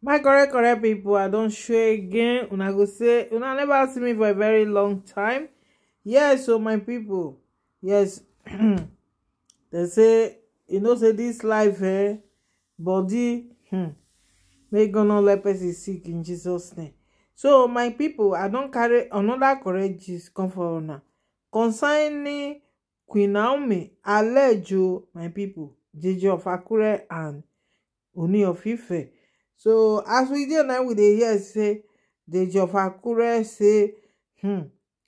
my correct correct people. i don't show again una go say una never see me for a very long time yes So my people. yes They say you know say this life eh body hmm make god no let person sick in jesus name so my people. i don't carry anoda correct gist come for una concerning queen naomi alejo my pipo jeje of akure and oni of ife so as we dey now we dey hear say the of say hmm,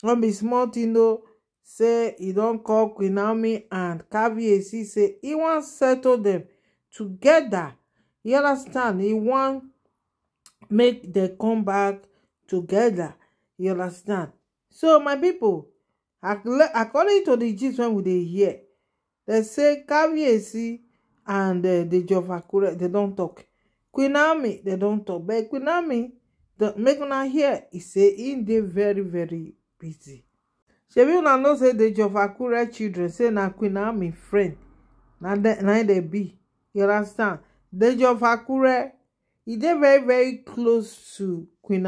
no be small tin o say he don't call queen naomi and kvac say he wan settle them together. you understand He want make dem come back togeda you understand so my pipo according to the gist when we they hear They say kvac and deji eh, of akure dem don tok queen amy dem don tok but queen amy make una hear yu e say yu e dey very very busy. shebi una know say akure children say na queen amy friend na in dey be you understand of akure e dey very very close to queen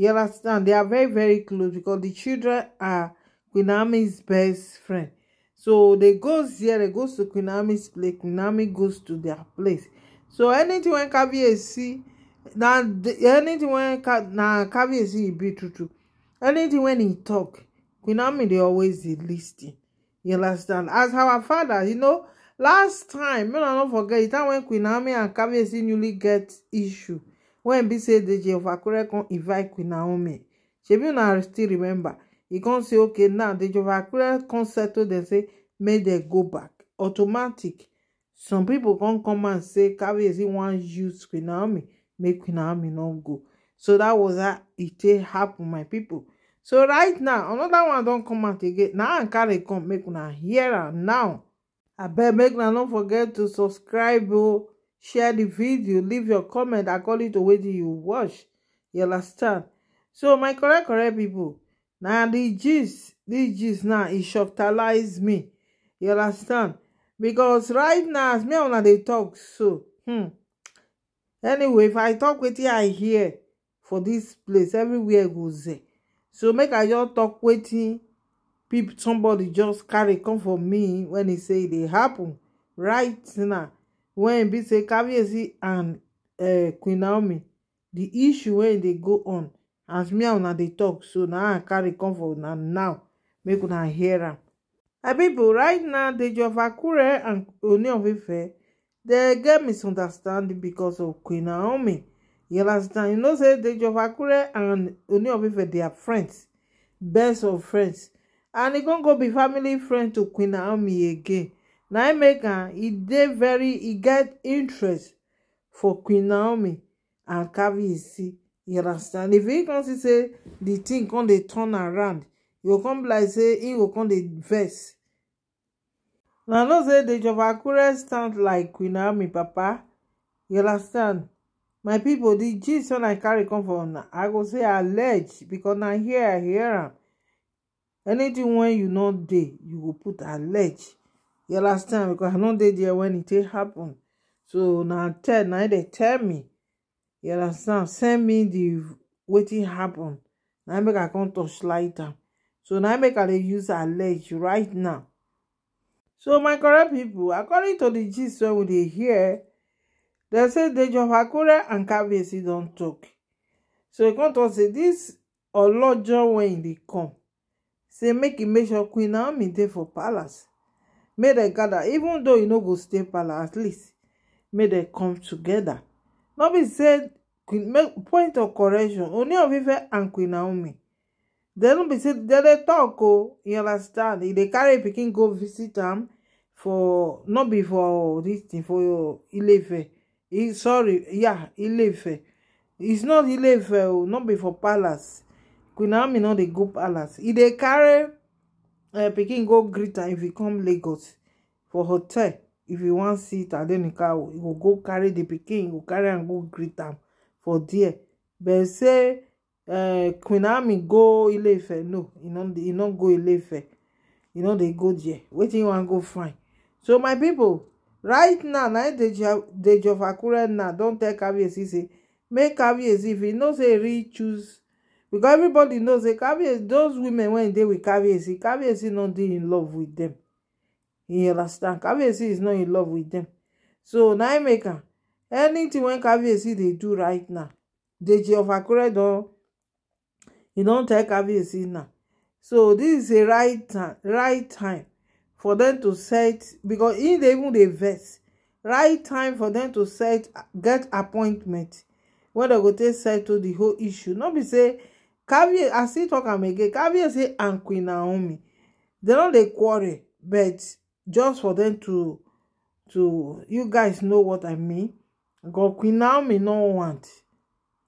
understand they dia very very close becos di children are queen amy best friend so dey go they go to queen amy place queen amy goes to dia place. so anything wey see na anything wey na Kabiyesi e be true true anything wey e talk Queen Naomi dey always dey lis ten you understand as our father you know last time make una no forget the time when Queen and and see newly get issue wen be say Deji of Akure come invite Queen Naomi shebi una still remember e come say okay now Deji of Akure come settle dem say make dem go back automatic some people come come and say wants you to queen naomi make queen naomi not go so that was that. It take happen my people. so right now another one don't come out again Now am carry come make una hear am now abeg make una no forget to subscribe o oh. share the video leave your comment according to wetin you watch you understand so my correct correct people. Now di gist dis gist now e shocked me you understand because right now as me and una dey talk so hmm anyway if i talk wetin i hear for dis place everywhere go so make i just talk wetin people somebody just carry come for me wen e say e dey happen right now wen e be say caviezi and eh, naomi di issue wey e dey go on as me and una dey talk so na now i carry come for na now make una hear am. My people, right now, Deji of Akure and Ooni of they get misunderstanding because of Queen Naomi. You understand? You know, say Deji of Akure and Ooni of they are friends, best of friends. And e con go be family friend to Queen Naomi again. Now im make am, very, e get interest for Queen Naomi and Kabiyesi. You understand? If e con see say the thing con dey turn around, go come be like say him go come dey vex na know say the of akure stand like queen naomi papa you understand my people, the gist wey i carry come from i go say allege because na here i hear am Anything wey you no dey you go put allege you understand because i no dey there when e take happen so na tell na e dey tell me you understand send me di wetin happen na make i come touch light am so now make i dey use allege right now so my correct people, according to the gist when we dey hear they say dejof akure and kabiyesi don't talk. so e come say this, dis olojo John when they e come say make him e make sure queen naomi dey for palace May they gather even though you e no go stay palace at least may they come together. Nobody said queen make point of correction Only of ife and queen naomi They don't be say dem dey tok o oh, you understand e dey carry picking go visit them, for not be for dis thing for ilefe sorry yeah ilefe it's not ilefe o oh, not before for palace queen naomi not dey go palace e dey carry eh, picking go greet them if you come lagos for hotel if you wan see Then you go go carry the picking. you carry and go greet them for there but say uh, queen ami go ile ife no e no go ile ife e no dey go there wetin wan go find so my people, right now na deji of akure now don tell kabiyesi say make kabiyesi if e know say e really choose because everybody know say kabiyesi those women wey dey with kabiyesi kabiyesi no dey in love with them. you understand kabiyesi is not in love with them. so na I make am anything wey kabiyesi dey do right now deji of akure don e don tell kabiyesi now so this is the right time right time for them to set because e dey even dey vex right time for them to set get appointment wey dem go take settle the whole issue no be say Kabi i still talk am again caviar say and queen naomi dem no dey quarrel but just for them to to you guys know what i mean because queen naomi no want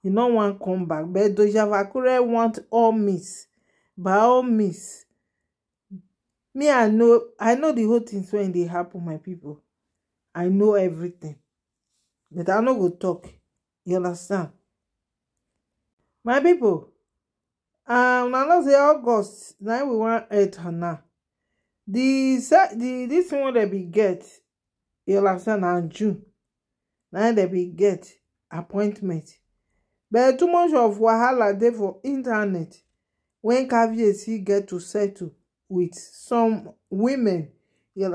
you no wan come back but doja vakure want all miss but all miss me i know i know the whole thing wey dey happen my people i know everything but i no go talk you understand. my people um na not say august na we wan her now dis one dem bin get you understand na june na dem bin get appointment. but too much of wahala dey for internet wen kaveh still get to settle with some women you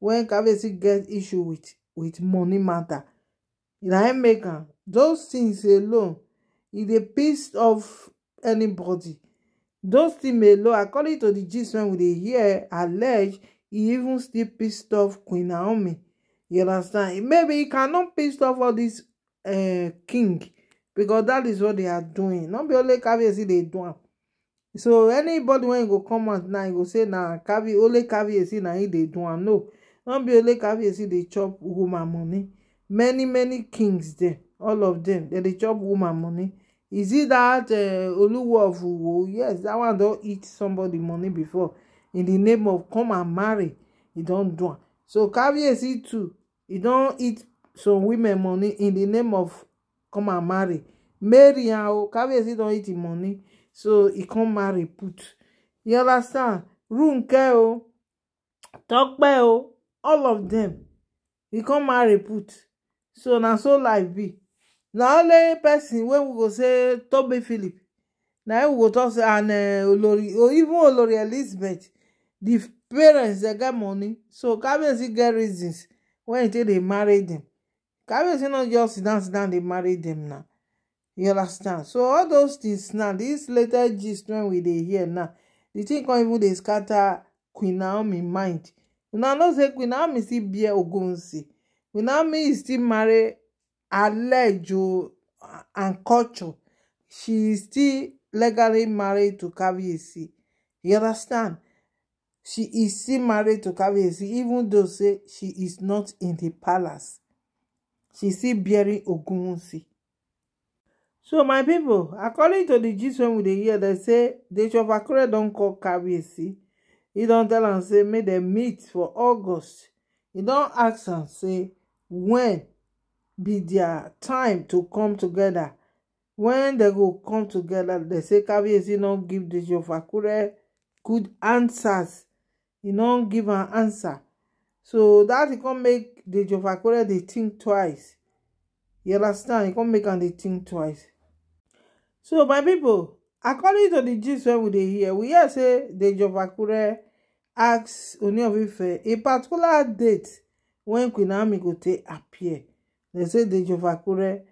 wen kaveh still get issue with money matter mata ina make am those tins alone e dey peace off anybody those tins alone according to di gist wey we hear allege e even still peace off queen you understand maybe e cannot peace off all dis eh, king. because that is what they are doing Not be only caviarcy e they do am so anybody wey go comment now e go say now na only caviarcy e na him dey do am no not be only caviarcy e they chop woman money many many kings there, all of them they dey chop woman money is it that eh, oluwo of uwo yes that one don't eat somebody money before in the name of come and marry He don't do am so caviarcy too he don't eat some women money in the name of come and marry Mary am o kabiyesi don eat him money so he come marry put you understand runke o all of them he come marry put so now so life be Now only person when we go say Toby philip now we go talk say and uh, olori or oh, even olori elizabeth the parents they get money so kabiyesi get reasons when they take dey marry dem Kabiyesi no just sit down sit down dey marry them now you understand so all those things now this later gist when we they hear now the thing come even dey scatter Queen Naomi mind una know say Queen Naomi still bear Ogunsi Queen Naomi still marry alleged and culture she still legally married to Kabiyesi you understand she is still married to Kabiyesi even though say she is not in the palace she still bearing Ogunwusi. So my people, according to the gist when we dey hear, they say the of Akure don call Kabiyesi. He don tell am say make dem meet for August. He don ask am say when be their time to come together. When they go come together, they say Kabiyesi no give the of Akure good answers. He no give an answer. So that he come make The jova akpere dey think twice you understand e come make am they think twice so my people, according to the gist when we hear we hear say deji ovakure ask only of ife a particular date wen queen naomi go take appear They say deji ovakure